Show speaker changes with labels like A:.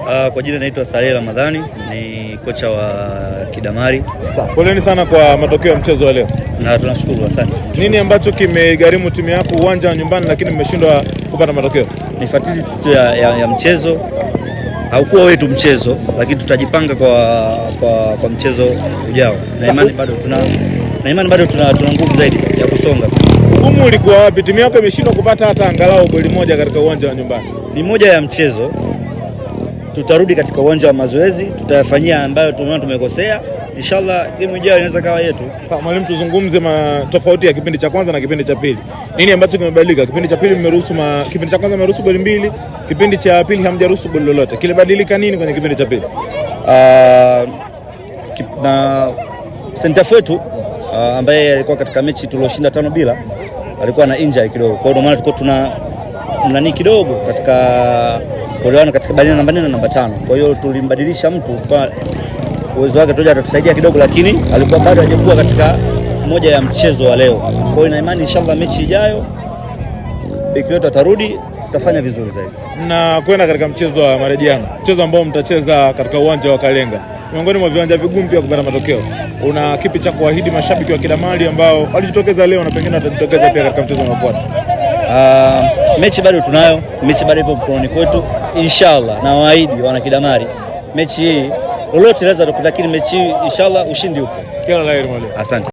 A: Uh, kwa jina naitwa Saleh Ramadhani, ni kocha wa Kidamari.
B: Poleni sana kwa matokeo ya mchezo wa leo.
A: Na tunashukuru asante.
B: Nini ambacho kimegharimu timu yako uwanja wa nyumbani lakini mmeshindwa kupata matokeo?
A: Ni fatality ya, ya, ya mchezo haukuwa wetu mchezo, lakini tutajipanga kwa, kwa, kwa mchezo ujao na imani bado tuna, na imani bado tuna, tuna nguvu zaidi ya kusonga.
B: Ugumu ulikuwa wapi? Timu yako imeshindwa kupata hata angalau goli moja katika uwanja wa nyumbani.
A: Ni moja ya mchezo tutarudi katika uwanja wa mazoezi, tutayafanyia ambayo tumeona tumekosea. Inshallah game ijayo inaweza kawa yetu.
B: Mwalimu, tuzungumze tofauti ya kipindi cha kwanza na kipindi cha pili. Nini ambacho kimebadilika? Kipindi cha pili mmeruhusu ma... kipindi cha kwanza mmeruhusu goli mbili, kipindi cha pili hamjaruhusu goli lolote. Kilibadilika nini kwenye kipindi cha pili?
A: Uh, ah, kip... na sentafu wetu uh, ah, ambaye alikuwa katika mechi tulioshinda tano bila alikuwa na injury kidogo, kwa hiyo ndio maana tulikuwa tuna mnani kidogo katika kuelewana katika baina namba 4 na namba tano. Kwa hiyo tulimbadilisha mtu kwa uwezo wake tuja atatusaidia kidogo, lakini alikuwa bado hajakuwa katika moja ya mchezo wa leo. Kwa hiyo ina imani inshallah mechi ijayo beki wetu atarudi, tutafanya vizuri zaidi
B: na kwenda katika mchezo wa marejiano mchezo ambao mtacheza katika uwanja wa Kalenga, miongoni mwa viwanja vigumu pia kupata matokeo. Una kipi cha kuahidi mashabiki wa Kidamali ambao walijitokeza leo na pengine watajitokeza pia katika mchezo unaofuata?
A: Uh, mechi bado tunayo, mechi bado ipo mkononi kwetu inshallah, na waahidi wanakidamari mechi hii lolote, naweza tukutakini mechi hii inshallah, ushindi upo.
B: Kila la heri mwalimu,
A: asante.